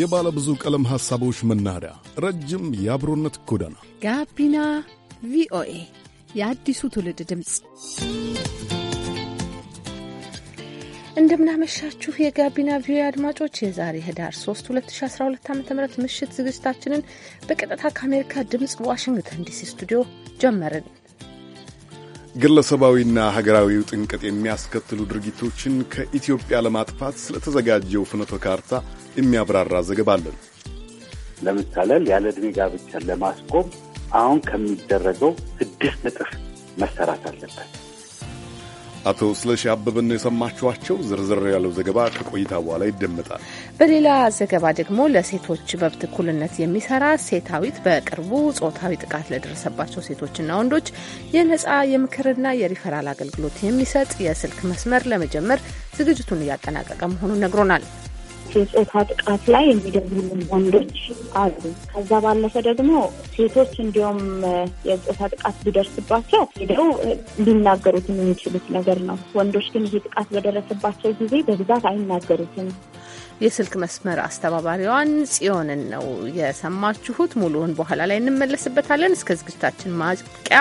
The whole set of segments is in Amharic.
የባለ ብዙ ቀለም ሐሳቦች መናኸሪያ፣ ረጅም የአብሮነት ጎዳና ጋቢና ቪኦኤ የአዲሱ ትውልድ ድምፅ። እንደምናመሻችሁ የጋቢና ቪኦኤ አድማጮች የዛሬ ህዳር 3 2012 ዓ ም ምሽት ዝግጅታችንን በቀጥታ ከአሜሪካ ድምፅ ዋሽንግተን ዲሲ ስቱዲዮ ጀመርን። ግለሰባዊና ሀገራዊ ጥንቀት የሚያስከትሉ ድርጊቶችን ከኢትዮጵያ ለማጥፋት ስለተዘጋጀው ፍኖተ ካርታ የሚያብራራ ዘገባ አለን። ለምሳሌ ያለ ዕድሜ ጋብቻን ለማስቆም አሁን ከሚደረገው ስድስት እጥፍ መሰራት አለበት። አቶ ስለሺ አበበን የሰማችኋቸው። ዝርዝር ያለው ዘገባ ከቆይታ በኋላ ይደመጣል። በሌላ ዘገባ ደግሞ ለሴቶች መብት እኩልነት የሚሰራ ሴታዊት በቅርቡ ጾታዊ ጥቃት ለደረሰባቸው ሴቶችና ወንዶች የነጻ የምክርና የሪፈራል አገልግሎት የሚሰጥ የስልክ መስመር ለመጀመር ዝግጅቱን እያጠናቀቀ መሆኑን ነግሮናል። የፆታ ጥቃት ላይ የሚደውሉን ወንዶች አሉ። ከዛ ባለፈ ደግሞ ሴቶች እንዲሁም የፆታ ጥቃት ቢደርስባቸው ሄደው ሊናገሩትን የሚችሉት ነገር ነው። ወንዶች ግን ይህ ጥቃት በደረሰባቸው ጊዜ በብዛት አይናገሩትም። የስልክ መስመር አስተባባሪዋን ጽዮንን ነው የሰማችሁት። ሙሉውን በኋላ ላይ እንመለስበታለን። እስከ ዝግጅታችን ማብቂያ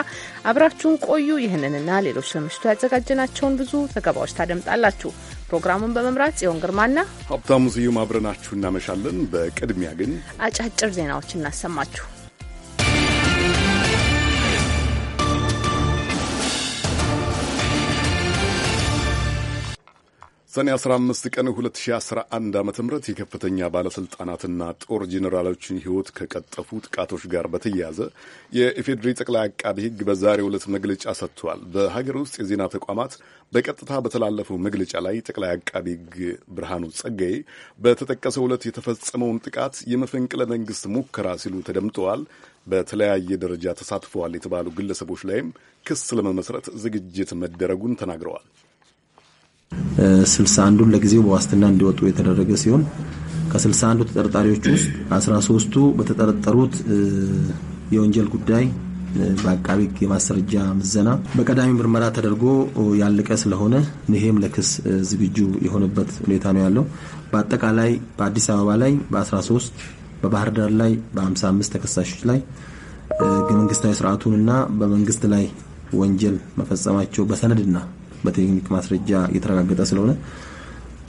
አብራችሁን ቆዩ። ይህንንና ሌሎች ለምሽቱ ያዘጋጀናቸውን ብዙ ዘገባዎች ታደምጣላችሁ። ፕሮግራሙን በመምራት ጽዮን ግርማና ሀብታሙ ስዩም አብረናችሁ እናመሻለን። በቅድሚያ ግን አጫጭር ዜናዎች እናሰማችሁ። ሰኔ 15 ቀን 2011 ዓ ም የከፍተኛ ባለሥልጣናትና ጦር ጄኔራሎችን ሕይወት ከቀጠፉ ጥቃቶች ጋር በተያያዘ የኢፌዴሪ ጠቅላይ አቃቢ ሕግ በዛሬ ዕለት መግለጫ ሰጥቷል። በሀገር ውስጥ የዜና ተቋማት በቀጥታ በተላለፈው መግለጫ ላይ ጠቅላይ አቃቢ ሕግ ብርሃኑ ጸጋዬ በተጠቀሰው ዕለት የተፈጸመውን ጥቃት የመፈንቅለ መንግሥት ሙከራ ሲሉ ተደምጠዋል። በተለያየ ደረጃ ተሳትፈዋል የተባሉ ግለሰቦች ላይም ክስ ለመመስረት ዝግጅት መደረጉን ተናግረዋል። ስልሳ አንዱን ለጊዜው በዋስትና እንዲወጡ የተደረገ ሲሆን ከስልሳ አንዱ ተጠርጣሪዎች ውስጥ አስራ ሶስቱ በተጠረጠሩት የወንጀል ጉዳይ በአቃቢ ሕግ የማስረጃ ምዘና በቀዳሚ ምርመራ ተደርጎ ያለቀ ስለሆነ ይሄም ለክስ ዝግጁ የሆነበት ሁኔታ ነው ያለው። በአጠቃላይ በአዲስ አበባ ላይ በ13 በባህር ዳር ላይ በ55 ተከሳሾች ላይ ህገ መንግስታዊ ስርዓቱንና በመንግስት ላይ ወንጀል መፈጸማቸው በሰነድና በቴክኒክ ማስረጃ የተረጋገጠ ስለሆነ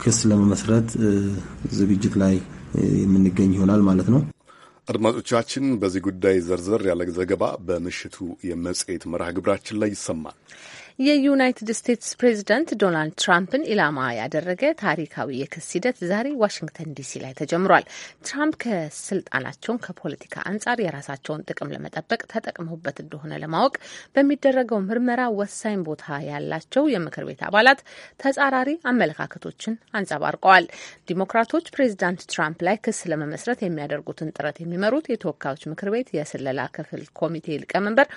ክስ ለመመስረት ዝግጅት ላይ የምንገኝ ይሆናል ማለት ነው። አድማጮቻችን፣ በዚህ ጉዳይ ዘርዘር ያለ ዘገባ በምሽቱ የመጽሔት መርሃ ግብራችን ላይ ይሰማል። የዩናይትድ ስቴትስ ፕሬዚደንት ዶናልድ ትራምፕን ኢላማ ያደረገ ታሪካዊ የክስ ሂደት ዛሬ ዋሽንግተን ዲሲ ላይ ተጀምሯል። ትራምፕ ከስልጣናቸውን ከፖለቲካ አንጻር የራሳቸውን ጥቅም ለመጠበቅ ተጠቅመውበት እንደሆነ ለማወቅ በሚደረገው ምርመራ ወሳኝ ቦታ ያላቸው የምክር ቤት አባላት ተጻራሪ አመለካከቶችን አንጸባርቀዋል። ዲሞክራቶች ፕሬዚዳንት ትራምፕ ላይ ክስ ለመመስረት የሚያደርጉትን ጥረት የሚመሩት የተወካዮች ምክር ቤት የስለላ ክፍል ኮሚቴ ሊቀመንበር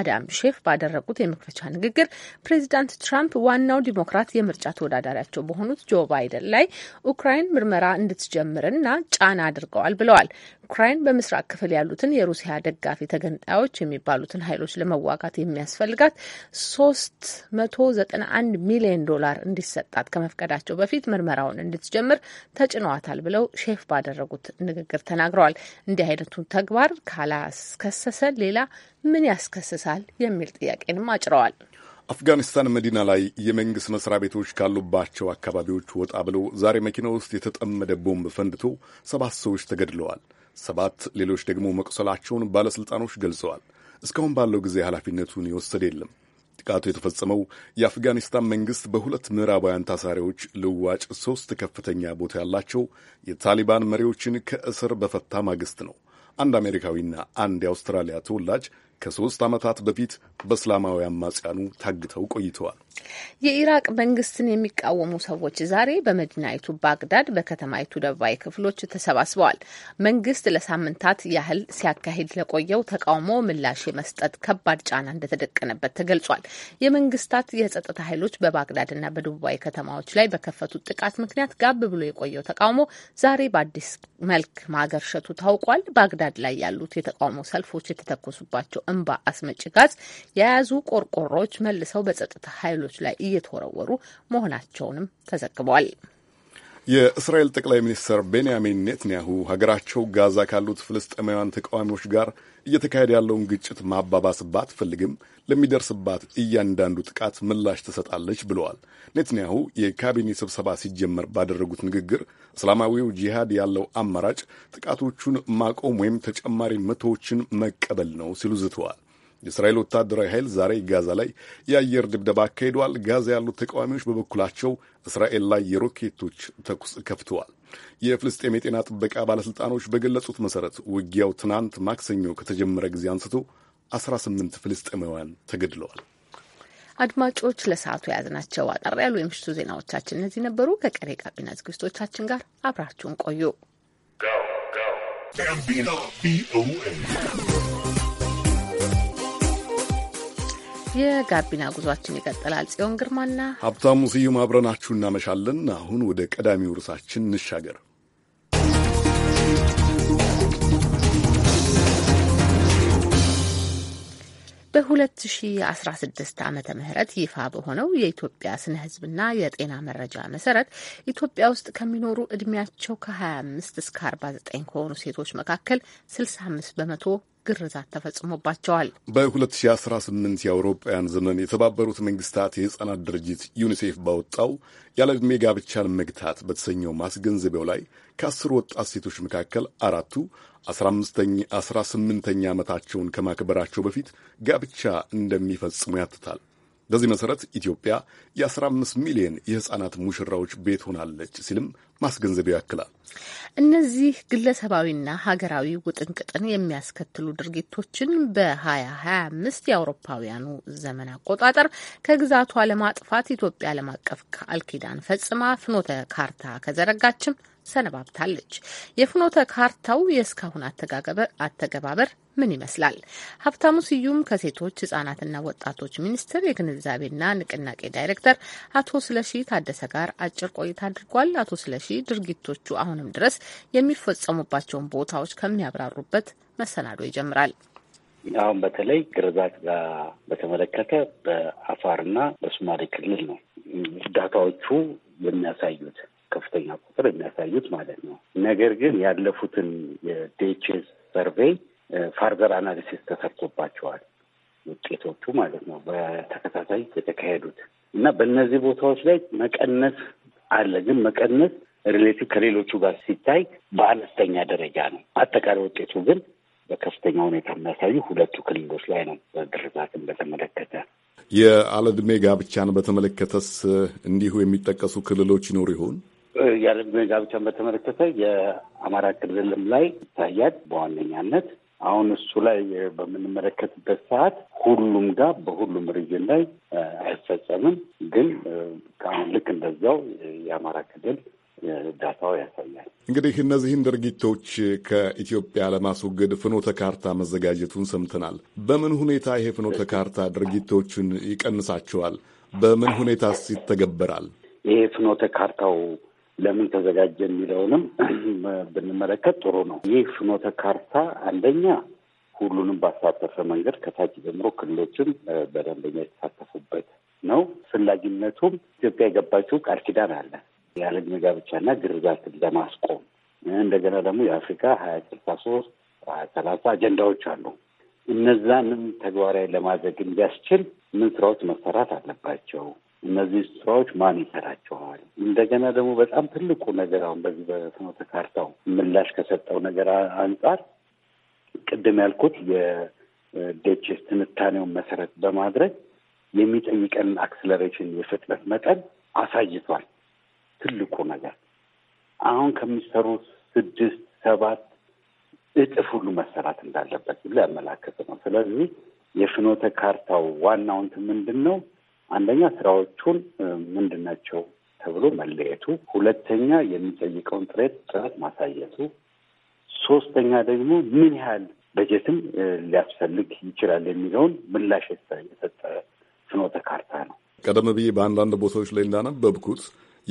አዳም ሼፍ ባደረጉት የመክፈቻ ንግግር ፕሬዚዳንት ትራምፕ ዋናው ዲሞክራት የምርጫ ተወዳዳሪያቸው በሆኑት ጆ ባይደን ላይ ኡክራይን ምርመራ እንድትጀምርና ጫና አድርገዋል ብለዋል። ዩክራይን በምስራቅ ክፍል ያሉትን የሩሲያ ደጋፊ ተገንጣዮች የሚባሉትን ኃይሎች ለመዋጋት የሚያስፈልጋት ሶስት መቶ ዘጠና አንድ ሚሊዮን ዶላር እንዲሰጣት ከመፍቀዳቸው በፊት ምርመራውን እንድትጀምር ተጭነዋታል ብለው ሼፍ ባደረጉት ንግግር ተናግረዋል። እንዲህ አይነቱን ተግባር ካላስከሰሰ ሌላ ምን ያስከስሳል የሚል ጥያቄንም አጭረዋል። አፍጋኒስታን መዲና ላይ የመንግሥት መስሪያ ቤቶች ካሉባቸው አካባቢዎች ወጣ ብሎ ዛሬ መኪና ውስጥ የተጠመደ ቦምብ ፈንድቶ ሰባት ሰዎች ተገድለዋል። ሰባት ሌሎች ደግሞ መቁሰላቸውን ባለሥልጣኖች ገልጸዋል። እስካሁን ባለው ጊዜ ኃላፊነቱን የወሰደ የለም። ጥቃቱ የተፈጸመው የአፍጋኒስታን መንግሥት በሁለት ምዕራባውያን ታሳሪዎች ልዋጭ ሦስት ከፍተኛ ቦታ ያላቸው የታሊባን መሪዎችን ከእስር በፈታ ማግስት ነው። አንድ አሜሪካዊና አንድ የአውስትራሊያ ተወላጅ ከሶስት ዓመታት በፊት በእስላማዊ አማጽያኑ ታግተው ቆይተዋል። የኢራቅ መንግስትን የሚቃወሙ ሰዎች ዛሬ በመዲናይቱ ባግዳድ በከተማይቱ ደቡባዊ ክፍሎች ተሰባስበዋል። መንግስት ለሳምንታት ያህል ሲያካሂድ ለቆየው ተቃውሞ ምላሽ የመስጠት ከባድ ጫና እንደተደቀነበት ተገልጿል። የመንግስታት የጸጥታ ኃይሎች በባግዳድና በደቡባዊ ከተማዎች ላይ በከፈቱት ጥቃት ምክንያት ጋብ ብሎ የቆየው ተቃውሞ ዛሬ በአዲስ መልክ ማገርሸቱ ታውቋል። ባግዳድ ላይ ያሉት የተቃውሞ ሰልፎች የተተኮሱባቸው እንባ አስመጭ ጋዝ የያዙ ቆርቆሮዎች መልሰው በጸጥታ ኃይሎች ላይ እየተወረወሩ መሆናቸውንም ተዘግቧል። የእስራኤል ጠቅላይ ሚኒስትር ቤንያሚን ኔትንያሁ ሀገራቸው ጋዛ ካሉት ፍልስጤማውያን ተቃዋሚዎች ጋር እየተካሄደ ያለውን ግጭት ማባባስ ባትፈልግም ለሚደርስባት እያንዳንዱ ጥቃት ምላሽ ትሰጣለች ብለዋል። ኔትንያሁ የካቢኔ ስብሰባ ሲጀመር ባደረጉት ንግግር እስላማዊው ጂሃድ ያለው አማራጭ ጥቃቶቹን ማቆም ወይም ተጨማሪ መቶዎችን መቀበል ነው ሲሉ ዝተዋል። የእስራኤል ወታደራዊ ኃይል ዛሬ ጋዛ ላይ የአየር ድብደባ አካሂደዋል። ጋዛ ያሉት ተቃዋሚዎች በበኩላቸው እስራኤል ላይ የሮኬቶች ተኩስ ከፍተዋል። የፍልስጤም የጤና ጥበቃ ባለሥልጣኖች በገለጹት መሠረት ውጊያው ትናንት ማክሰኞ ከተጀመረ ጊዜ አንስቶ 18 ፍልስጤማውያን ተገድለዋል። አድማጮች ለሰዓቱ የያዝናቸው አጠር ያሉ የምሽቱ ዜናዎቻችን እነዚህ ነበሩ። ከቀሬ ጋቢና ዝግጅቶቻችን ጋር አብራችሁን ቆዩ። የጋቢና ጉዟችን ይቀጥላል። ጽዮን ግርማና ሀብታሙ ስዩም አብረናችሁ እናመሻለን። አሁን ወደ ቀዳሚው ርዕሳችን እንሻገር። በ2016 ዓመተ ምህረት ይፋ በሆነው የኢትዮጵያ ስነ ህዝብና የጤና መረጃ መሰረት ኢትዮጵያ ውስጥ ከሚኖሩ እድሜያቸው ከ25 እስከ 49 ከሆኑ ሴቶች መካከል 65 በመቶ ግርዛት ተፈጽሞባቸዋል። በ2018 የአውሮፓውያን ዘመን የተባበሩት መንግስታት የሕፃናት ድርጅት ዩኒሴፍ ባወጣው ያለ ዕድሜ ጋብቻን መግታት በተሰኘው ማስገንዘቢያው ላይ ከአስር ወጣት ሴቶች መካከል አራቱ አስራ ስምንተኛ ዓመታቸውን ከማክበራቸው በፊት ጋብቻ እንደሚፈጽሙ ያትታል። በዚህ መሰረት ኢትዮጵያ የ15 ሚሊዮን የህፃናት ሙሽራዎች ቤት ሆናለች ሲልም ማስገንዘብ ያክላል። እነዚህ ግለሰባዊና ሀገራዊ ውጥንቅጥን የሚያስከትሉ ድርጊቶችን በ2025 የአውሮፓውያኑ ዘመን አቆጣጠር ከግዛቷ ለማጥፋት ኢትዮጵያ ዓለም አቀፍ ቃል ኪዳን ፈጽማ ፍኖተ ካርታ ከዘረጋችም ሰነባብታለች። የፍኖተ ካርታው የእስካሁን አተገባበር ምን ይመስላል? ሀብታሙ ስዩም ከሴቶች ህጻናትና ወጣቶች ሚኒስቴር የግንዛቤና ንቅናቄ ዳይሬክተር አቶ ስለሺ ታደሰ ጋር አጭር ቆይታ አድርጓል። አቶ ስለሺ ድርጊቶቹ አሁንም ድረስ የሚፈጸሙባቸውን ቦታዎች ከሚያብራሩበት መሰናዶ ይጀምራል። አሁን በተለይ ግርዛት ጋር በተመለከተ በአፋርና በሶማሌ ክልል ነው ዳታዎቹ የሚያሳዩት ከፍተኛ ቁጥር የሚያሳዩት ማለት ነው። ነገር ግን ያለፉትን የዴችዝ ሰርቬይ ፋርዘር አናሊሲስ ተሰርቶባቸዋል ውጤቶቹ ማለት ነው። በተከታታይ የተካሄዱት እና በእነዚህ ቦታዎች ላይ መቀነስ አለ። ግን መቀነስ ሪሌቲቭ ከሌሎቹ ጋር ሲታይ በአነስተኛ ደረጃ ነው። አጠቃላይ ውጤቱ ግን በከፍተኛ ሁኔታ የሚያሳዩ ሁለቱ ክልሎች ላይ ነው። ግርዛትን በተመለከተ የአለዕድሜ ጋብቻን በተመለከተስ እንዲሁ የሚጠቀሱ ክልሎች ይኖሩ ይሆን? ያለዕድሜ ጋብቻን በተመለከተ የአማራ ክልልም ላይ ይታያል በዋነኛነት አሁን እሱ ላይ በምንመለከትበት ሰዓት ሁሉም ጋር በሁሉም ሪጅን ላይ አይፈጸምም። ግን ከአሁን ልክ እንደዛው የአማራ ክልል ዳታው ያሳያል። እንግዲህ እነዚህን ድርጊቶች ከኢትዮጵያ ለማስወገድ ፍኖተ ካርታ መዘጋጀቱን ሰምተናል። በምን ሁኔታ ይሄ ፍኖተ ካርታ ድርጊቶቹን ይቀንሳቸዋል? በምን ሁኔታስ ይተገበራል? ይሄ ፍኖተ ካርታው ለምን ተዘጋጀ የሚለውንም ብንመለከት ጥሩ ነው። ይህ ፍኖተ ካርታ አንደኛ ሁሉንም ባሳተፈ መንገድ ከታች ጀምሮ ክልሎችም በደንበኛ የተሳተፉበት ነው። አስፈላጊነቱም ኢትዮጵያ የገባችው ቃል ኪዳን አለ ያለ ዕድሜ ጋብቻና ግርዛትን ለማስቆም እንደገና ደግሞ የአፍሪካ ሀያ ስልሳ ሶስት ሀያ ሰላሳ አጀንዳዎች አሉ። እነዛንም ተግባራዊ ለማድረግ እንዲያስችል ምን ስራዎች መሰራት አለባቸው እነዚህ ስራዎች ማን ይሰራቸዋል? እንደገና ደግሞ በጣም ትልቁ ነገር አሁን በዚህ በፍኖተ ካርታው ምላሽ ከሰጠው ነገር አንጻር ቅድም ያልኩት የዴቼስ ትንታኔውን መሰረት በማድረግ የሚጠይቀን አክስለሬሽን የፍጥነት መጠን አሳይቷል። ትልቁ ነገር አሁን ከሚሰሩ ስድስት ሰባት እጥፍ ሁሉ መሰራት እንዳለበት ብሎ ያመላከት ነው። ስለዚህ የፍኖተ ካርታው ዋናውንት ምንድን ነው? አንደኛ ስራዎቹን ምንድን ናቸው ተብሎ መለየቱ፣ ሁለተኛ የሚጠይቀውን ጥረት ጥረት ማሳየቱ፣ ሶስተኛ ደግሞ ምን ያህል በጀትም ሊያስፈልግ ይችላል የሚለውን ምላሽ የሰጠ ፍኖተ ካርታ ነው። ቀደም ብዬ በአንዳንድ ቦታዎች ላይ እንዳነበብኩት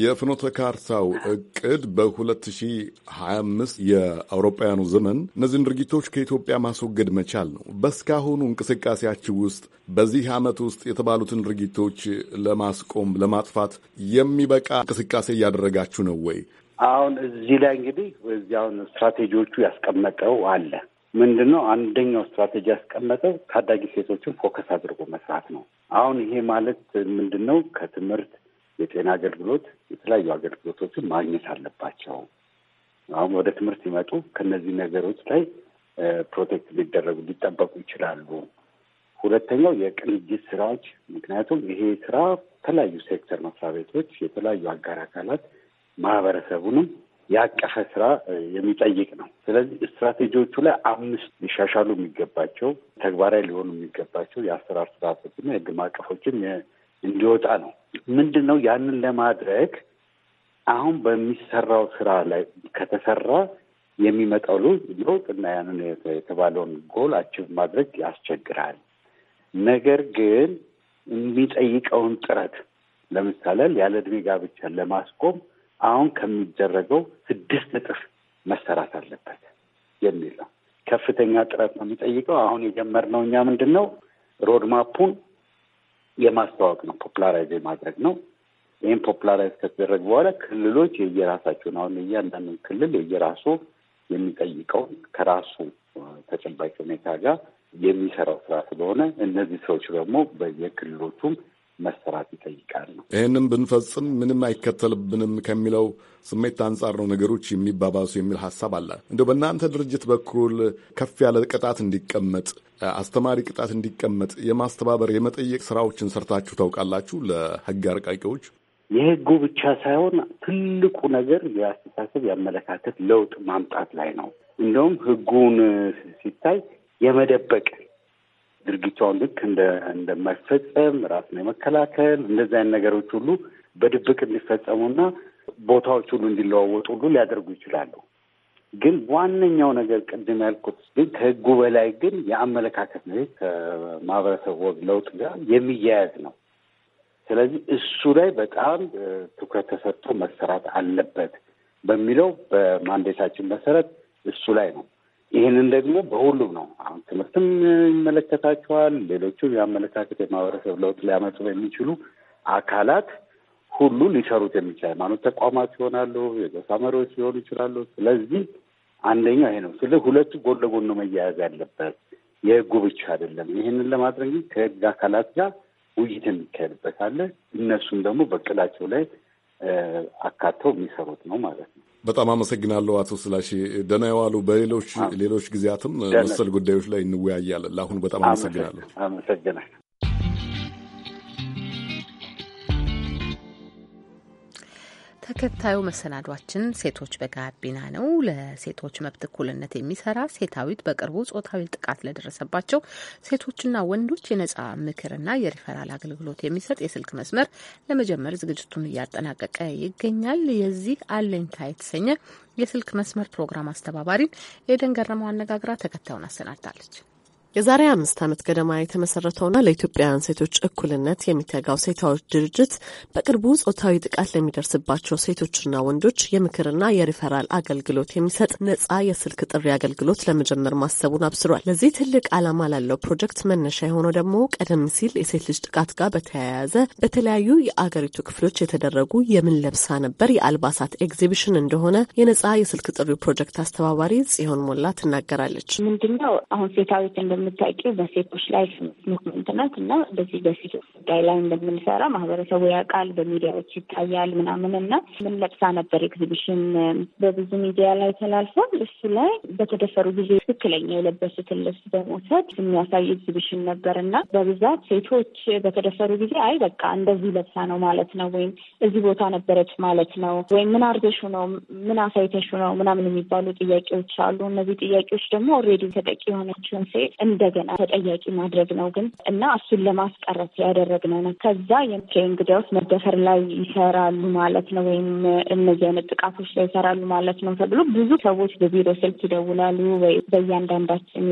የፍኖተ ካርታው እቅድ በ2025 የአውሮፓውያኑ ዘመን እነዚህን ድርጊቶች ከኢትዮጵያ ማስወገድ መቻል ነው። በስካሁኑ እንቅስቃሴያችሁ ውስጥ በዚህ ዓመት ውስጥ የተባሉትን ድርጊቶች ለማስቆም ለማጥፋት የሚበቃ እንቅስቃሴ እያደረጋችሁ ነው ወይ? አሁን እዚህ ላይ እንግዲህ እዚያውን ስትራቴጂዎቹ ያስቀመጠው አለ ምንድን ነው አንደኛው ስትራቴጂ ያስቀመጠው ታዳጊ ሴቶችን ፎከስ አድርጎ መስራት ነው። አሁን ይሄ ማለት ምንድን ነው? ከትምህርት የጤና አገልግሎት፣ የተለያዩ አገልግሎቶችን ማግኘት አለባቸው። አሁን ወደ ትምህርት ሲመጡ ከነዚህ ነገሮች ላይ ፕሮቴክት ሊደረጉ ሊጠበቁ ይችላሉ። ሁለተኛው የቅንጅት ስራዎች፣ ምክንያቱም ይሄ ስራ የተለያዩ ሴክተር መስሪያ ቤቶች፣ የተለያዩ አጋር አካላት ማህበረሰቡንም ያቀፈ ስራ የሚጠይቅ ነው። ስለዚህ ስትራቴጂዎቹ ላይ አምስት ሊሻሻሉ የሚገባቸው ተግባራዊ ሊሆኑ የሚገባቸው የአሰራር ስርዓቶችና የህግ ማዕቀፎችን እንዲወጣ ነው። ምንድን ነው ያንን ለማድረግ አሁን በሚሰራው ስራ ላይ ከተሰራ የሚመጣው ለውጥ እና ያንን የተባለውን ጎል አችብ ማድረግ ያስቸግራል። ነገር ግን የሚጠይቀውን ጥረት ለምሳሌ ያለ እድሜ ጋብቻን ለማስቆም አሁን ከሚደረገው ስድስት እጥፍ መሰራት አለበት የሚል ነው። ከፍተኛ ጥረት ነው የሚጠይቀው። አሁን የጀመርነው እኛ ምንድን ነው ሮድማፑን የማስተዋወቅ ነው፣ ፖፕላራይዝ የማድረግ ነው። ይህም ፖፕላራይዝ ከተደረግ በኋላ ክልሎች የየራሳቸውን አሁን እያንዳንዱ ክልል የየራሱ የሚጠይቀውን ከራሱ ተጨባጭ ሁኔታ ጋር የሚሰራው ስራ ስለሆነ እነዚህ ሰዎች ደግሞ በየክልሎቹም መሰራት ይጠይቃል ነው። ይህንም ብንፈጽም ምንም አይከተልብንም ከሚለው ስሜት አንጻር ነው ነገሮች የሚባባሱ የሚል ሀሳብ አለ። እንደው በእናንተ ድርጅት በኩል ከፍ ያለ ቅጣት እንዲቀመጥ አስተማሪ ቅጣት እንዲቀመጥ የማስተባበር የመጠየቅ ስራዎችን ሰርታችሁ ታውቃላችሁ? ለህግ አርቃቂዎች የህጉ ብቻ ሳይሆን ትልቁ ነገር የአስተሳሰብ የአመለካከት ለውጥ ማምጣት ላይ ነው። እንደውም ህጉን ሲታይ የመደበቅ ድርጊቷን ልክ እንደማይፈጸም ራስን የመከላከል እንደዚህ አይነት ነገሮች ሁሉ በድብቅ እንዲፈጸሙና ቦታዎች ሁሉ እንዲለዋወጡ ሁሉ ሊያደርጉ ይችላሉ። ግን ዋነኛው ነገር ቅድም ያልኩት ግን ከህጉ በላይ ግን የአመለካከት ነው። ከማህበረሰብ ወግ ለውጥ ጋር የሚያያዝ ነው። ስለዚህ እሱ ላይ በጣም ትኩረት ተሰጥቶ መሰራት አለበት በሚለው በማንዴታችን መሰረት እሱ ላይ ነው ይህንን ደግሞ በሁሉም ነው። አሁን ትምህርትም ይመለከታቸዋል። ሌሎቹ የአመለካከት የማህበረሰብ ለውጥ ሊያመጡ የሚችሉ አካላት ሁሉ ሊሰሩት የሚችል ሃይማኖት ተቋማት ይሆናሉ፣ የጎሳ መሪዎች ሊሆኑ ይችላሉ። ስለዚህ አንደኛው ይሄ ነው። ስለዚህ ሁለቱ ጎን ለጎን ነው መያያዝ ያለበት የህጉ ብቻ አይደለም። ይህንን ለማድረግ ግን ከህግ አካላት ጋር ውይይት የሚካሄድበት አለ። እነሱም ደግሞ በቅላቸው ላይ አካተው የሚሰሩት ነው ማለት ነው። በጣም አመሰግናለሁ አቶ ስላሽ ደህና የዋሉ። በሌሎች ሌሎች ጊዜያትም መሰል ጉዳዮች ላይ እንወያያለን። ለአሁን በጣም አመሰግናለሁ። አመሰግናል ተከታዩ መሰናዷችን ሴቶች በጋቢና ነው። ለሴቶች መብት እኩልነት የሚሰራ ሴታዊት በቅርቡ ጾታዊ ጥቃት ለደረሰባቸው ሴቶችና ወንዶች የነጻ ምክርና የሪፈራል አገልግሎት የሚሰጥ የስልክ መስመር ለመጀመር ዝግጅቱን እያጠናቀቀ ይገኛል። የዚህ አለኝታ የተሰኘ የስልክ መስመር ፕሮግራም አስተባባሪን ኤደን ገረመው አነጋግራ ተከታዩን አሰናድታለች። የዛሬ አምስት ዓመት ገደማ የተመሰረተውና ለኢትዮጵያውያን ሴቶች እኩልነት የሚተጋው ሴታዎች ድርጅት በቅርቡ ጾታዊ ጥቃት ለሚደርስባቸው ሴቶችና ወንዶች የምክርና የሪፈራል አገልግሎት የሚሰጥ ነጻ የስልክ ጥሪ አገልግሎት ለመጀመር ማሰቡን አብስሯል። ለዚህ ትልቅ ዓላማ ላለው ፕሮጀክት መነሻ የሆነው ደግሞ ቀደም ሲል የሴት ልጅ ጥቃት ጋር በተያያዘ በተለያዩ የአገሪቱ ክፍሎች የተደረጉ የምን ለብሳ ነበር የአልባሳት ኤግዚቢሽን እንደሆነ የነጻ የስልክ ጥሪ ፕሮጀክት አስተባባሪ ጽዮን ሞላ ትናገራለች። ምንድነው አሁን ሴታዊት እንደምታውቂው በሴቶች ላይ ሙቭመንት ናት እና በዚህ በሴቶች ጉዳይ ላይ እንደምንሰራ ማህበረሰቡ ያውቃል፣ በሚዲያዎች ይታያል ምናምን እና ምን ለብሳ ነበር ኤግዚቢሽን በብዙ ሚዲያ ላይ ተላልፏል። እሱ ላይ በተደፈሩ ጊዜ ትክክለኛ የለበሱትን ልብስ በመውሰድ የሚያሳይ ኤግዚቢሽን ነበር እና በብዛት ሴቶች በተደፈሩ ጊዜ አይ በቃ እንደዚህ ለብሳ ነው ማለት ነው ወይም እዚህ ቦታ ነበረች ማለት ነው ወይም ምን አርገሹ ነው ምን አሳይተሹ ነው ምናምን የሚባሉ ጥያቄዎች አሉ። እነዚህ ጥያቄዎች ደግሞ ኦልሬዲ ተጠቂ የሆነችውን ሴት እንደገና ተጠያቂ ማድረግ ነው ግን እና እሱን ለማስቀረት ያደረግነው ነው። ከዛ እንግዲያውስ መደፈር ላይ ይሰራሉ ማለት ነው ወይም እነዚህ አይነት ጥቃቶች ላይ ይሰራሉ ማለት ነው ተብሎ ብዙ ሰዎች በቢሮ ስልክ ይደውላሉ ወይ በእያንዳንዳችን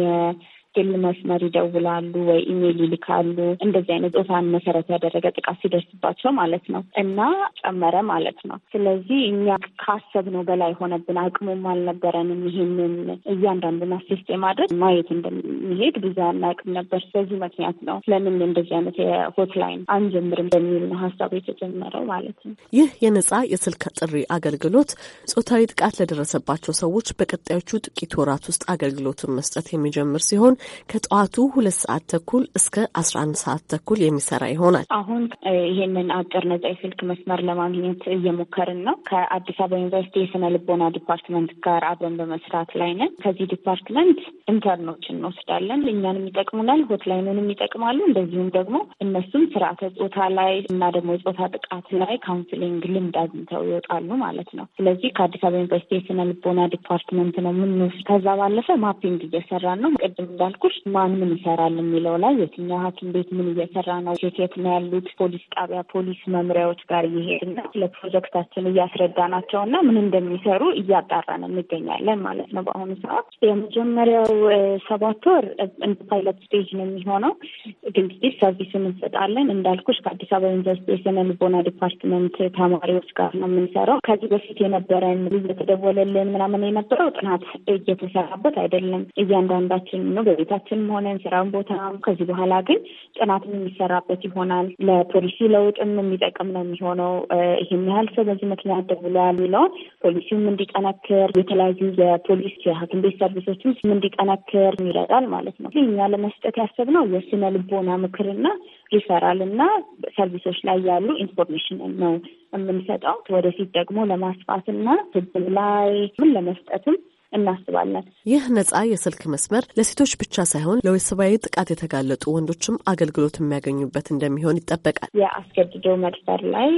ስልክ መስመር ይደውላሉ ወይ ኢሜይል ይልካሉ። እንደዚህ አይነት ጾታን መሰረት ያደረገ ጥቃት ሲደርስባቸው ማለት ነው እና ጨመረ ማለት ነው። ስለዚህ እኛ ካሰብነው በላይ ሆነብን፣ አቅሙም አልነበረንም ይህንን እያንዳንዱን አሴስት የማድረግ ማየት እንደሚሄድ ብዙ አናውቅም ነበር። ስለዚህ ምክንያት ነው ለምን እንደዚህ አይነት የሆትላይን አንጀምርም በሚል ነው ሀሳቡ የተጀመረው ማለት ነው። ይህ የነጻ የስልክ ጥሪ አገልግሎት ጾታዊ ጥቃት ለደረሰባቸው ሰዎች በቀጣዮቹ ጥቂት ወራት ውስጥ አገልግሎትን መስጠት የሚጀምር ሲሆን ከጠዋቱ ሁለት ሰዓት ተኩል እስከ አስራ አንድ ሰዓት ተኩል የሚሰራ ይሆናል። አሁን ይህንን አጭር ነጻ የስልክ መስመር ለማግኘት እየሞከርን ነው። ከአዲስ አበባ ዩኒቨርሲቲ የስነ ልቦና ዲፓርትመንት ጋር አብረን በመስራት ላይ ነን። ከዚህ ዲፓርትመንት ኢንተርኖች እንወስዳለን። እኛንም ይጠቅሙናል፣ ሆትላይኑንም ይጠቅማሉ። እንደዚሁም ደግሞ እነሱም ስርዓተ ጾታ ላይ እና ደግሞ የጾታ ጥቃት ላይ ካውንስሊንግ ልምድ አግኝተው ይወጣሉ ማለት ነው። ስለዚህ ከአዲስ አበባ ዩኒቨርሲቲ የስነ ልቦና ዲፓርትመንት ነው የምንወስድ። ከዛ ባለፈ ማፒንግ እየሰራን ነው። ቅድም እንዳልኩሽ ማን ምን ይሰራል የሚለው ላይ የትኛው ሐኪም ቤት ምን እየሰራ ነው፣ የት ነው ያሉት፣ ፖሊስ ጣቢያ፣ ፖሊስ መምሪያዎች ጋር እየሄድና እያስረዳ ናቸው እና ምን እንደሚሰሩ ነው እንገኛለን ማለት ነው። በአሁኑ ሰዓት የመጀመሪያው ሰባት ወር እንደ ፓይለት ስቴጅ ነው የሚሆነው። ግንግዲህ ሰርቪስ እንሰጣለን። እንዳልኩሽ ከአዲስ አበባ ዩኒቨርሲቲ የስነ ልቦና ዲፓርትመንት ተማሪዎች ጋር ነው የምንሰራው። ከዚህ በፊት የነበረን እየተደወለልን ምናምን የነበረው ጥናት እየተሰራበት አይደለም። እያንዳንዳችን ነው በቤታችንም ሆነን ስራን ቦታም። ከዚህ በኋላ ግን ጥናትም የሚሰራበት ይሆናል። ለፖሊሲ ለውጥም የሚጠቅም ነው የሚሆነው። ይህም ያህል ሰው በዚህ ምክንያት ደውሏል የሚለውን ፖሊሲውም እንዲጠነክር የተለያዩ የፖሊስ የሐኪም ቤት ሰርቪሶችም እንዲጠነክር ይረዳል ማለት ነው። እኛ ለመስጠት ያሰብነው የስነ ልቦና ምክርና ሪፈራል እና ሰርቪሶች ላይ ያሉ ኢንፎርሜሽን ነው የምንሰጠው። ወደፊት ደግሞ ለማስፋት እና ህዝብ ላይ ምን ለመስጠትም እናስባለን። ይህ ነጻ የስልክ መስመር ለሴቶች ብቻ ሳይሆን ለወሲባዊ ጥቃት የተጋለጡ ወንዶችም አገልግሎት የሚያገኙበት እንደሚሆን ይጠበቃል። የአስገድዶ መድፈር ላይ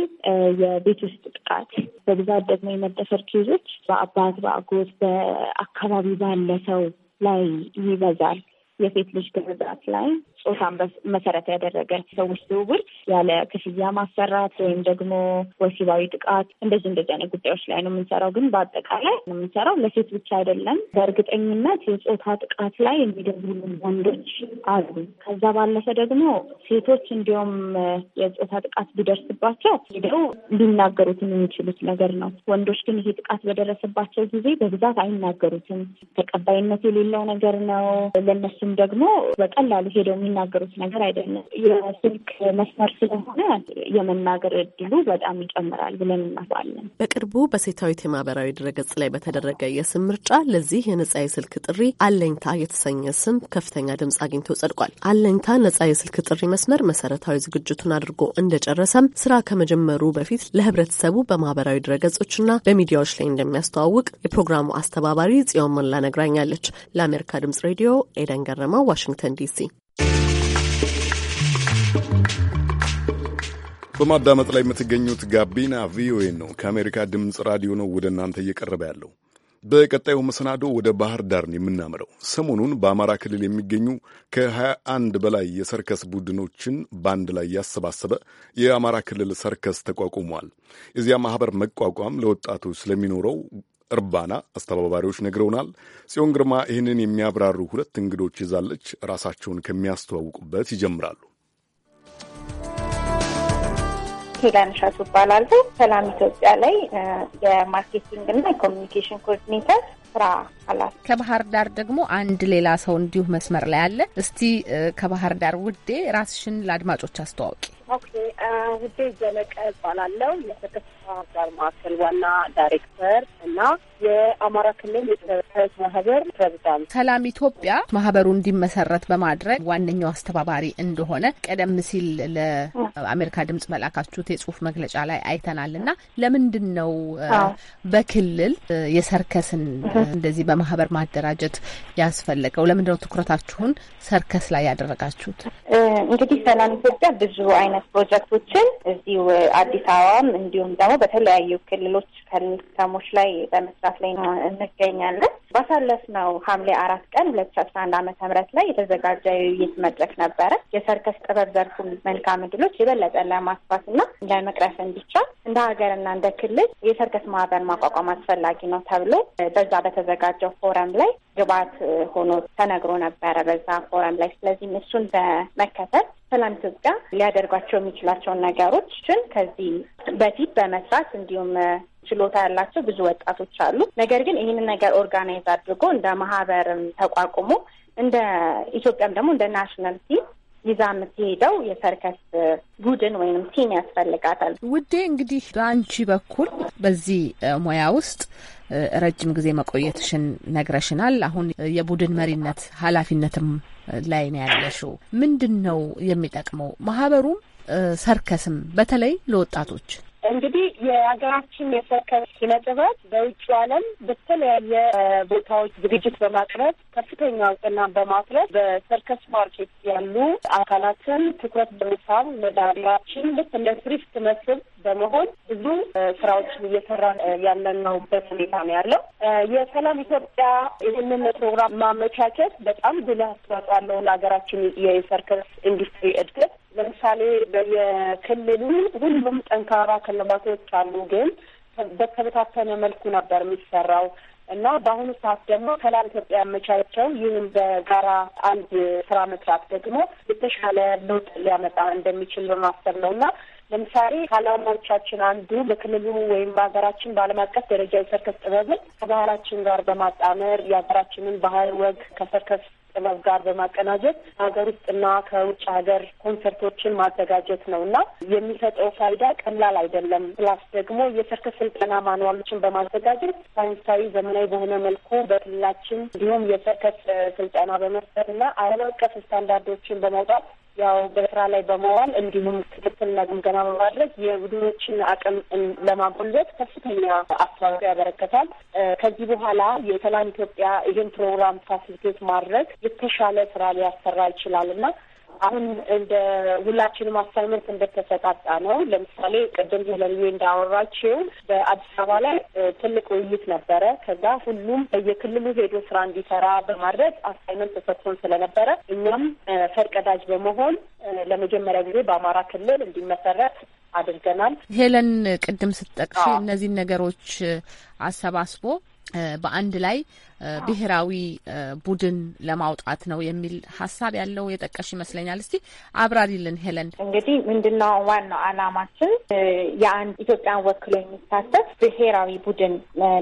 የቤት ውስጥ ጥቃት በብዛት ደግሞ የመደፈር ኬዞች በአባት፣ በአጎት፣ በአካባቢ ባለ ሰው ላይ ይበዛል። የሴት ልጅ ግርዛት ላይ ጾታን መሰረት ያደረገ ሰዎች ዝውውር ያለ ክፍያ ማሰራት ወይም ደግሞ ወሲባዊ ጥቃት እንደዚህ እንደዚህ አይነት ጉዳዮች ላይ ነው የምንሰራው። ግን በአጠቃላይ የምንሰራው ለሴት ብቻ አይደለም። በእርግጠኝነት የጾታ ጥቃት ላይ የሚደውሉ ወንዶች አሉ። ከዛ ባለፈ ደግሞ ሴቶች እንዲሁም የጾታ ጥቃት ቢደርስባቸው ሄደው ሊናገሩትን የሚችሉት ነገር ነው። ወንዶች ግን ይሄ ጥቃት በደረሰባቸው ጊዜ በብዛት አይናገሩትም። ተቀባይነት የሌለው ነገር ነው ለነሱ እነሱም ደግሞ በቀላሉ ሄደው የሚናገሩት ነገር አይደለም። የስልክ መስመር ስለሆነ የመናገር እድሉ በጣም ይጨምራል ብለን እናስባለን። በቅርቡ በሴታዊት የማህበራዊ ድረገጽ ላይ በተደረገ የስም ምርጫ ለዚህ የነጻ የስልክ ጥሪ አለኝታ የተሰኘ ስም ከፍተኛ ድምጽ አግኝቶ ጸድቋል። አለኝታ ነጻ የስልክ ጥሪ መስመር መሰረታዊ ዝግጅቱን አድርጎ እንደጨረሰም ስራ ከመጀመሩ በፊት ለህብረተሰቡ በማህበራዊ ድረገጾችና በሚዲያዎች ላይ እንደሚያስተዋውቅ የፕሮግራሙ አስተባባሪ ጽዮን መላ ነግራኛለች። ለአሜሪካ ድምጽ ሬዲዮ ኤደን ገረመው ገረመው፣ ዋሽንግተን ዲሲ። በማዳመጥ ላይ የምትገኙት ጋቢና ቪኦኤ ነው። ከአሜሪካ ድምፅ ራዲዮ ነው ወደ እናንተ እየቀረበ ያለው። በቀጣዩ መሰናዶ ወደ ባህር ዳር የምናምረው። ሰሞኑን በአማራ ክልል የሚገኙ ከ21 በላይ የሰርከስ ቡድኖችን በአንድ ላይ ያሰባሰበ የአማራ ክልል ሰርከስ ተቋቁሟል። የዚያ ማህበር መቋቋም ለወጣቶች ስለሚኖረው እርባና አስተባባሪዎች ነግረውናል። ጽዮን ግርማ ይህንን የሚያብራሩ ሁለት እንግዶች ይዛለች። ራሳቸውን ከሚያስተዋውቁበት ይጀምራሉ። ሄላንሻቱ እባላለሁ። ሰላም ኢትዮጵያ ላይ የማርኬቲንግ እና የኮሚኒኬሽን ኮኦርዲኔተር ስራ አላት። ከባህር ዳር ደግሞ አንድ ሌላ ሰው እንዲሁ መስመር ላይ አለ። እስቲ ከባህር ዳር ውዴ ራስሽን ለአድማጮች አስተዋውቂ። ኦኬ ውዴ ዘለቀ እባላለሁ የስክስት ባህር ዳር ማዕከል ዋና ዳይሬክተር እና የአማራ ክልል የተረፈት ማህበር ፕሬዚዳንት። ሰላም ኢትዮጵያ ማህበሩ እንዲመሰረት በማድረግ ዋነኛው አስተባባሪ እንደሆነ ቀደም ሲል ለአሜሪካ ድምጽ መላካችሁት የጽሁፍ መግለጫ ላይ አይተናል እና ለምንድን ነው በክልል የሰርከስን እንደዚህ በማህበር ማደራጀት ያስፈለገው? ለምንድን ነው ትኩረታችሁን ሰርከስ ላይ ያደረጋችሁት? እንግዲህ ሰላም ኢትዮጵያ ብዙ አይነት ፕሮጀክቶችን እዚሁ አዲስ አበባም እንዲሁም ደግሞ በተለያዩ ክልሎች ከተሞች ላይ በመስራት በማውጣት ላይ እንገኛለን። ባሳለፍነው ሐምሌ አራት ቀን ሁለት ሺ አስራ አንድ ዓመተ ምህረት ላይ የተዘጋጀ የውይይት መድረክ ነበረ። የሰርከስ ጥበብ ዘርፉ መልካም እድሎች የበለጠ ለማስፋት እና ለመቅረፍ እንዲቻል እንደ ሀገርና እንደ ክልል የሰርከስ ማህበር ማቋቋም አስፈላጊ ነው ተብሎ በዛ በተዘጋጀው ፎረም ላይ ግባት ሆኖ ተነግሮ ነበረ በዛ ፎረም ላይ። ስለዚህም እሱን በመከተል ሰላም ኢትዮጵያ ሊያደርጓቸው የሚችላቸውን ነገሮችን ከዚህ በፊት በመስራት እንዲሁም ችሎታ ያላቸው ብዙ ወጣቶች አሉ። ነገር ግን ይህንን ነገር ኦርጋናይዝ አድርጎ እንደ ማህበርም ተቋቁሞ እንደ ኢትዮጵያም ደግሞ እንደ ናሽናል ቲም ይዛ የምትሄደው የሰርከስ ቡድን ወይም ቲም ያስፈልጋታል። ውዴ እንግዲህ በአንቺ በኩል በዚህ ሙያ ውስጥ ረጅም ጊዜ መቆየትሽን ነግረሽናል። አሁን የቡድን መሪነት ኃላፊነትም ላይ ነው ያለሽው። ምንድን ነው የሚጠቅመው ማህበሩም ሰርከስም በተለይ ለወጣቶች እንግዲህ የሀገራችን የሰርከስ ኪነ ጥበብ በውጭ ዓለም በተለያየ ቦታዎች ዝግጅት በማቅረብ ከፍተኛ እውቅና በማፍረት በሰርከስ ማርኬት ያሉ አካላትን ትኩረት በመሳብ መዳሪያችን ልክ እንደ ቱሪስት መስህብ በመሆን ብዙ ስራዎችን እየሰራ ያለንበት ሁኔታ ነው ያለው። የሰላም ኢትዮጵያ ይህንን ፕሮግራም ማመቻቸት በጣም ጉልህ አስተዋጽኦ አለው ለሀገራችን የሰርከስ ኢንዱስትሪ እድገት ለምሳሌ በየክልሉ ሁሉም ጠንካራ ክልባቶች አሉ፣ ግን በተበታተነ መልኩ ነበር የሚሰራው እና በአሁኑ ሰዓት ደግሞ ከላይ ኢትዮጵያ ያመቻቸው ይህን በጋራ አንድ ስራ መስራት ደግሞ የተሻለ ለውጥ ሊያመጣ እንደሚችል በማሰብ ነው እና ለምሳሌ ከዓላማዎቻችን አንዱ በክልሉ ወይም በሀገራችን በዓለም አቀፍ ደረጃ የሰርከስ ጥበብን ከባህላችን ጋር በማጣመር የሀገራችንን ባህል ወግ ከሰርከስ ጥበብ ጋር በማቀናጀት ሀገር ውስጥና ከውጭ ሀገር ኮንሰርቶችን ማዘጋጀት ነው እና የሚሰጠው ፋይዳ ቀላል አይደለም። ፕላስ ደግሞ የሰርክ ስልጠና ማንዋሎችን በማዘጋጀት ሳይንሳዊ፣ ዘመናዊ በሆነ መልኩ በክልላችን እንዲሁም የሰርከስ ስልጠና በመስጠት እና ዓለም አቀፍ ስታንዳርዶችን በማውጣት ያው በስራ ላይ በመዋል እንዲሁም ክትትልና ግምገማ በማድረግ የቡድኖችን አቅም ለማጎልበት ከፍተኛ አስተዋጽኦ ያበረከታል። ከዚህ በኋላ የሰላም ኢትዮጵያ ይህን ፕሮግራም ፋሲሊቴት ማድረግ የተሻለ ስራ ሊያሰራ ይችላል እና አሁን እንደ ሁላችንም አሳይመንት እንደተሰጣጣ ነው። ለምሳሌ ቅድም ዘለልዩ እንዳወራችው በአዲስ አበባ ላይ ትልቅ ውይይት ነበረ። ከዛ ሁሉም በየክልሉ ሄዶ ስራ እንዲሰራ በማድረግ አሳይመንት ተሰጥቶን ስለነበረ እኛም ፈርቀዳጅ በመሆን ለመጀመሪያ ጊዜ በአማራ ክልል እንዲመሰረት አድርገናል። ሄለን ቅድም ስትጠቅሽ እነዚህን ነገሮች አሰባስቦ በአንድ ላይ ብሔራዊ ቡድን ለማውጣት ነው የሚል ሀሳብ ያለው የጠቀሽ ይመስለኛል። እስቲ አብራሪልን ሄለን። እንግዲህ ምንድነው ዋናው ዓላማችን የአንድ ኢትዮጵያን ወክሎ የሚሳተፍ ብሔራዊ ቡድን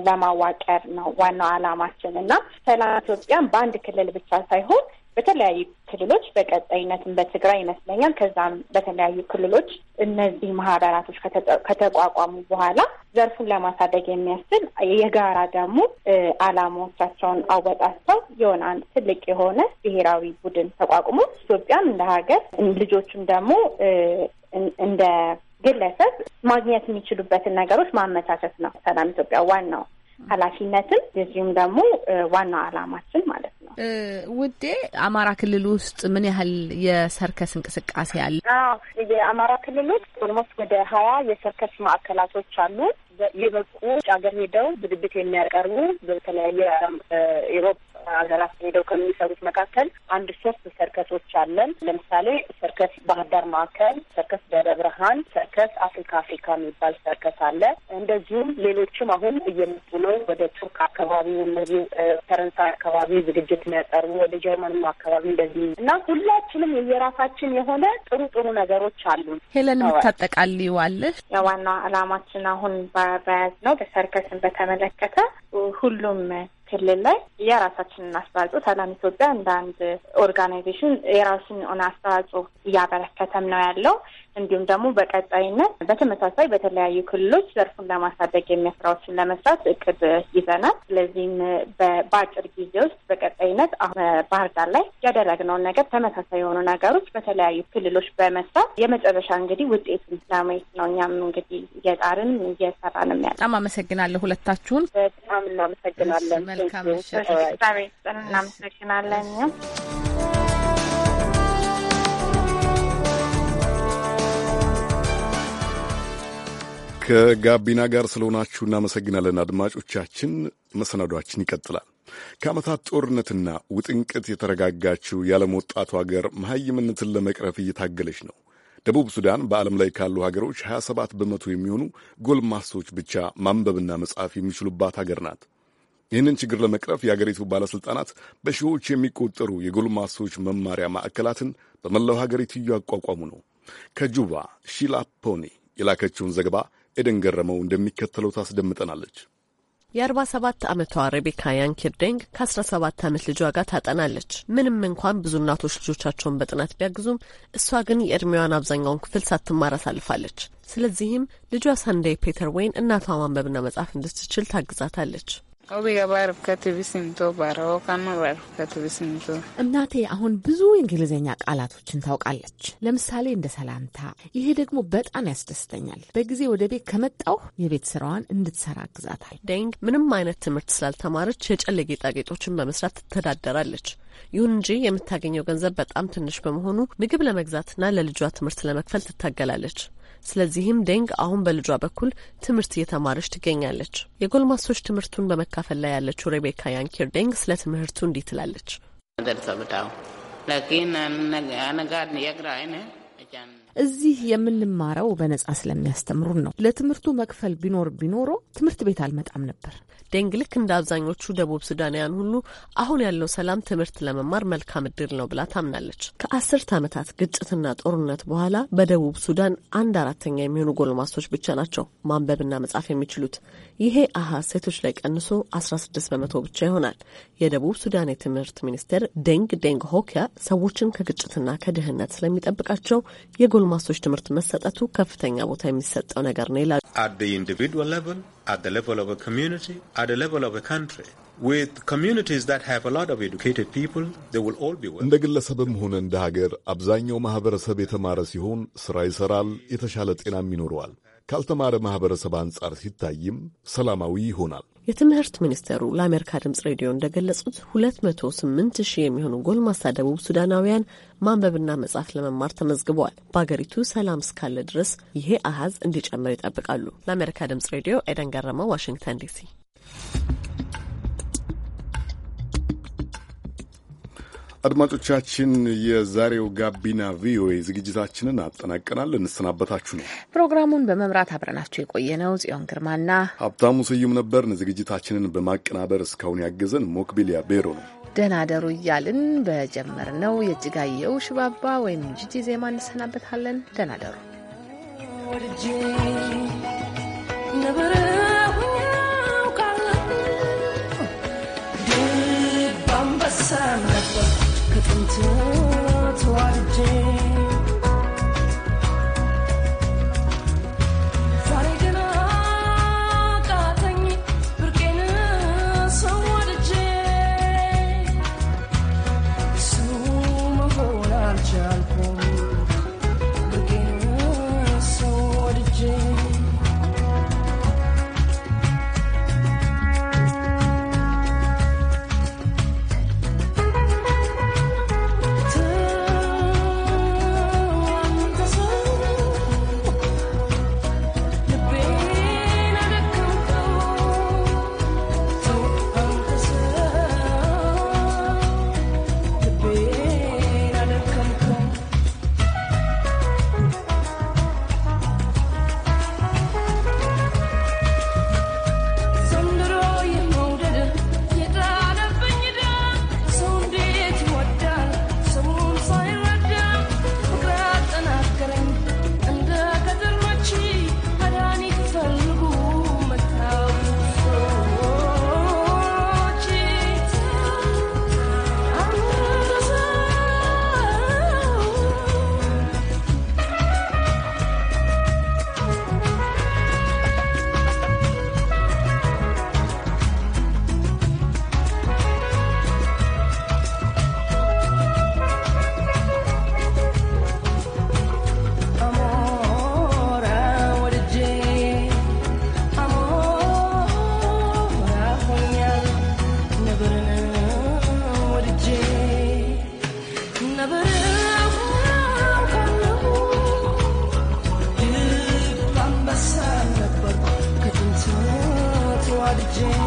ለማዋቀር ነው ዋናው አላማችን እና ሰላም ኢትዮጵያን በአንድ ክልል ብቻ ሳይሆን በተለያዩ ክልሎች በቀጣይነትም በትግራይ ይመስለኛል ከዛም በተለያዩ ክልሎች እነዚህ ማህበራቶች ከተቋቋሙ በኋላ ዘርፉን ለማሳደግ የሚያስችል የጋራ ደግሞ አላማዎቻቸውን አወጣተው የሆነ አንድ ትልቅ የሆነ ብሔራዊ ቡድን ተቋቁሞ ኢትዮጵያም እንደ ሀገር ልጆቹም ደግሞ እንደ ግለሰብ ማግኘት የሚችሉበትን ነገሮች ማመቻቸት ነው ሰላም ኢትዮጵያ ዋናው ኃላፊነትም እዚሁም ደግሞ ዋናው አላማችን ማለት ነው። ውዴ አማራ ክልል ውስጥ ምን ያህል የሰርከስ እንቅስቃሴ አለ? የአማራ ክልል ውስጥ ኦልሞስት ወደ ሀያ የሰርከስ ማዕከላቶች አሉ። የበቁ ውጭ ሀገር ሄደው ዝግጅት የሚያቀርቡ በተለያየ ኢሮፕ ሀገራት ሄደው ከሚሰሩት መካከል አንድ ሶስት ሰርከሶች አለን። ለምሳሌ ሰርከስ ባህር ዳር ማዕከል፣ ሰርከስ ደብረ ብርሃን፣ ሰርከስ አፍሪካ አፍሪካ የሚባል ሰርከስ አለ። እንደዚሁም ሌሎችም አሁን እየመጡ ነው። ወደ ቱርክ አካባቢ እነዚህ ፈረንሳይ አካባቢ ዝግጅት የሚያቀርቡ ወደ ጀርመንም አካባቢ እንደዚህ እና ሁላችንም የየራሳችን የሆነ ጥሩ ጥሩ ነገሮች አሉ። ሄለን የምታጠቃልይው አለሽ? የዋናው አላማችን አሁን በያዝ ነው በሰርከስን በተመለከተ ሁሉም ክልል ላይ የራሳችንን አስተዋጽኦ ሰላም ኢትዮጵያ እንደ አንድ ኦርጋናይዜሽን የራሱን የሆነ አስተዋጽኦ እያበረከተም ነው ያለው። እንዲሁም ደግሞ በቀጣይነት በተመሳሳይ በተለያዩ ክልሎች ዘርፉን ለማሳደግ የሚያስራዎችን ለመስራት እቅድ ይዘናል። ስለዚህም በአጭር ጊዜ ውስጥ በቀጣይነት አሁን ባህር ዳር ላይ ያደረግነውን ነገር ተመሳሳይ የሆኑ ነገሮች በተለያዩ ክልሎች በመስራት የመጨረሻ እንግዲህ ውጤቱን ለማየት ነው። እኛም እንግዲህ እየጣርን እየሰራንም ያለ። በጣም አመሰግናለሁ ሁለታችሁን። በጣም እናመሰግናለን። መልካም እናመሰግናለን። ከጋቢና ጋር ስለሆናችሁ እናመሰግናለን አድማጮቻችን። መሰናዷችን ይቀጥላል። ከዓመታት ጦርነትና ውጥንቅት የተረጋጋችው የዓለም ወጣቱ ሀገር መሐይምነትን ለመቅረፍ እየታገለች ነው። ደቡብ ሱዳን በዓለም ላይ ካሉ ሀገሮች 27 በመቶ የሚሆኑ ጎልማሶች ብቻ ማንበብና መጻፍ የሚችሉባት ሀገር ናት። ይህንን ችግር ለመቅረፍ የአገሪቱ ባለሥልጣናት በሺዎች የሚቆጠሩ የጎልማሶች መማሪያ ማዕከላትን በመላው ሀገሪቱ እያቋቋሙ ነው። ከጁባ ሺላፖኒ የላከችውን ዘገባ ኤደን ገረመው እንደሚከተለው ታስደምጠናለች። የ47 ዓመቷ ሬቤካ ያንኪርዴንግ ከ17 ዓመት ልጇ ጋር ታጠናለች። ምንም እንኳን ብዙ እናቶች ልጆቻቸውን በጥናት ቢያግዙም እሷ ግን የዕድሜዋን አብዛኛውን ክፍል ሳትማር አሳልፋለች። ስለዚህም ልጇ ሳንዴ ፔተር ወይን እናቷ ማንበብና መጻፍ እንድትችል ታግዛታለች። እናቴ አሁን ብዙ እንግሊዝኛ ቃላቶችን ታውቃለች። ለምሳሌ እንደ ሰላምታ። ይሄ ደግሞ በጣም ያስደስተኛል። በጊዜ ወደ ቤት ከመጣው የቤት ስራዋን እንድትሰራ አግዛታል። ደንግ ምንም አይነት ትምህርት ስላልተማረች የጨሌ ጌጣጌጦችን በመስራት ትተዳደራለች። ይሁን እንጂ የምታገኘው ገንዘብ በጣም ትንሽ በመሆኑ ምግብ ለመግዛትና ለልጇ ትምህርት ለመክፈል ትታገላለች። ስለዚህም ደንግ አሁን በልጇ በኩል ትምህርት እየተማረች ትገኛለች። የጎልማሶች ትምህርቱን በመካፈል ላይ ያለችው ሬቤካ ያንኪር ደንግ ስለ ትምህርቱ እንዲህ ትላለች። እዚህ የምንማረው በነጻ ስለሚያስተምሩን ነው። ለትምህርቱ መክፈል ቢኖር ቢኖሮ ትምህርት ቤት አልመጣም ነበር። ደንግ ልክ እንደ አብዛኞቹ ደቡብ ሱዳናውያን ሁሉ አሁን ያለው ሰላም ትምህርት ለመማር መልካም እድል ነው ብላ ታምናለች። ከአስርት ዓመታት ግጭትና ጦርነት በኋላ በደቡብ ሱዳን አንድ አራተኛ የሚሆኑ ጎልማሶች ብቻ ናቸው ማንበብና መጻፍ የሚችሉት። ይሄ አሃዝ ሴቶች ላይ ቀንሶ 16 በመቶ ብቻ ይሆናል። የደቡብ ሱዳን የትምህርት ሚኒስቴር ደንግ ደንግ ሆኪያ ሰዎችን ከግጭትና ከድህነት ስለሚጠብቃቸው የጎል ለጎልማሶች ትምህርት መሰጠቱ ከፍተኛ ቦታ የሚሰጠው ነገር ነው ይላሉ። እንደ ግለሰብም ሆነ እንደ ሀገር አብዛኛው ማህበረሰብ የተማረ ሲሆን ስራ ይሰራል፣ የተሻለ ጤናም ይኖረዋል። ካልተማረ ማህበረሰብ አንጻር ሲታይም ሰላማዊ ይሆናል። የትምህርት ሚኒስቴሩ ለአሜሪካ ድምጽ ሬዲዮ እንደገለጹት ሁለት ሺህ የሚሆኑ ጎልማሳ ደቡብ ሱዳናውያን ማንበብና መጻፍ ለመማር ተመዝግበዋል። በአገሪቱ ሰላም እስካለ ድረስ ይሄ አሃዝ እንዲጨምር ይጠብቃሉ። ለአሜሪካ ድምጽ ሬዲዮ ኤደን ገረመው፣ ዋሽንግተን ዲሲ አድማጮቻችን፣ የዛሬው ጋቢና ቪኦኤ ዝግጅታችንን አጠናቀናል። እንሰናበታችሁ ነው። ፕሮግራሙን በመምራት አብረናችሁ የቆየ ነው ጽዮን ግርማና ሀብታሙ ስዩም ነበርን። ዝግጅታችንን በማቀናበር እስካሁን ያገዘን ሞክቢሊያ ቤሮ ነው። ደሩ እያልን በጀመርነው የእጅጋየሁ ሽባባ ወይም ጂጂ ዜማ እንሰናበታለን። ነበረ። Jane.